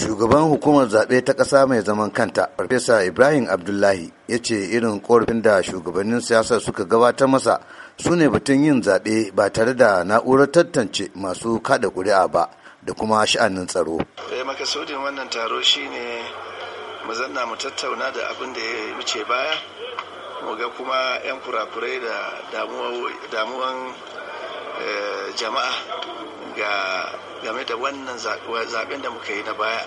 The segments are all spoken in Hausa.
shugaban hukumar zaɓe ta ƙasa mai zaman kanta farfesa ibrahim abdullahi ya ce irin korafin da shugabannin siyasa suka gabatar masa su ne batun yin zaɓe ba tare da na'urar tantance masu kada ƙuri'a ba da kuma sha'anin tsaro eh, makasudin wannan taro shine mu zanna mu tattauna da abin da ya wuce baya mu ga kuma 'yan kurakurai da damuwan eh, jama'a ga game da wannan zaben da muka yi na baya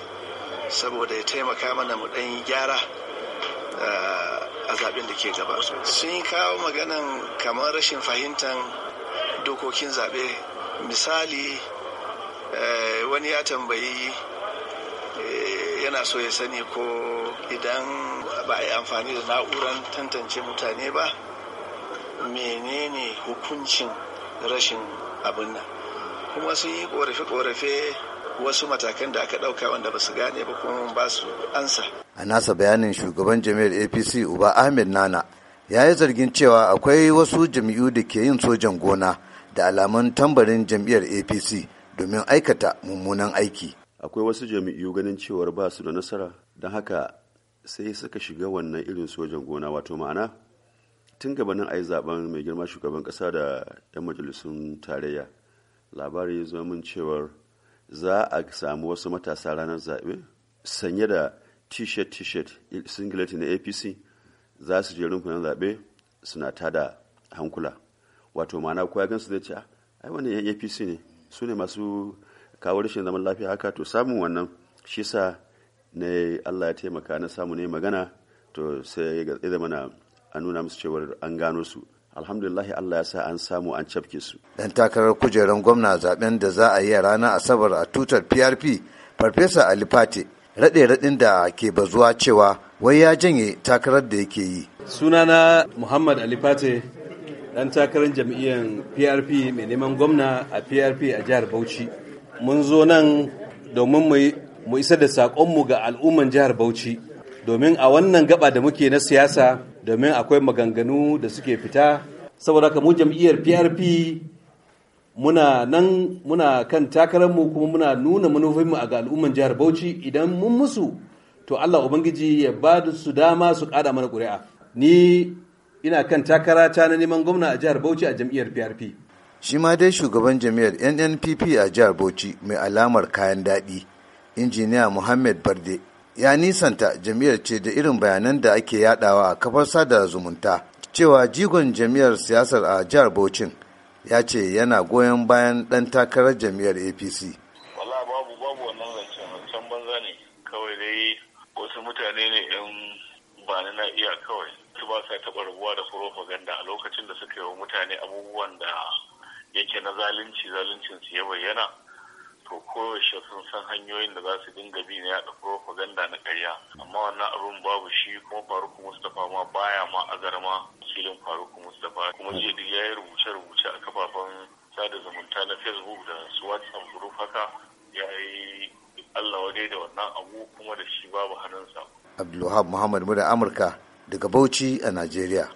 saboda ya taimaka mana mu yi gyara eh, a zaben da ke gaba sun yi kawo maganan kamar rashin fahimtar dokokin zaɓe misali eh, wani ya tambayi eh, yana so ya sani ko idan ba a yi amfani da na'urar tantance mutane ba menene hukuncin rashin abin nan kuma sun yi korafe-korafe wasu matakan da aka ɗauka wanda ba su gane ba kuma ba su ansa. A nasa bayanin shugaban jami'ar APC Uba Ahmed Nana ya yi zargin cewa akwai wasu jam'iyyu da ke yin sojan gona da alamun tambarin jam'iyyar APC domin aikata mummunan aiki. Akwai wasu jami'u ganin cewar ba su da nasara don haka sai suka shiga wannan irin sojan gona wato ma'ana tun gabanin a yi zaben mai girma shugaban ƙasa da 'yan majalisun tarayya labari ya zama cewar za a samu wasu matasa ranar zaɓe sanye da t-shirt t-shirt singlet na apc za su je rumfunan zaɓe suna tada hankula wato ma'ana ko ya gansu zai ce ah, ai wannan yan apc ne su ne masu kawo rashin zaman lafiya haka to samun wannan shi sa ne allah ya taimaka na samu ne magana to sai ya zama na a nuna musu cewar an gano su alhamdulillah Allah ya sa an samu an cafke su. Dan takarar kujerar gwamna zaben da za a yi ranar Asabar a tutar PRP, Farfesa Ali fati raɗe-raɗin da ke bazuwa cewa wai ya janye takarar da yake yi. Sunana Muhammad Ali fati dan takarar jam'iyyar PRP mai neman gwamna a PRP a jihar Bauchi. Mun zo nan domin mu isa da saƙonmu ga al'umman jihar Bauchi. Domin a wannan gaba da muke na siyasa domin akwai maganganu da suke fita saboda haka mu jam'iyyar PRP muna nan muna kan takararmu kuma muna nuna manufofinmu a ga al'umman jihar Bauchi idan mun musu to Allah ubangiji ya ba da su dama su kada mana ƙuri'a ni ina kan takara ta na neman gwamna a jihar Bauchi a jam'iyyar PRP shi ma dai shugaban jam'iyyar NNPP a jihar Bauchi mai alamar kayan daɗi injiniya Muhammad Barde ya nisanta jam'iyyar ce da irin bayanan da ake yadawa a kafar sada zumunta cewa jigon jam'iyyar siyasar a jihar Bauchin ya ce yana goyon bayan ɗan takarar jam'iyyar APC. Wala babu babu wannan zancen zancen banza ne kawai dai wasu mutane ne 'yan bani na iya kawai su ba sa taɓa rabuwa da propaganda a lokacin da suka yi wa mutane abubuwan da yake na zalunci zaluncin su ya bayyana to koyaushe sun san hanyoyin da za su dinga bi na yaɗa propaganda na ƙarya amma wannan abin babu shi kuma faruk mustapha ma baya ma azarma kuma jiya duk ya yi rubuce-rubuce a kafafen sada zumunta na facebook da su whatsapp group haka ya yi allah wadai da wannan abu kuma da shi babu hannunsa abdulwahab muhammad muda amurka daga bauchi a najeriya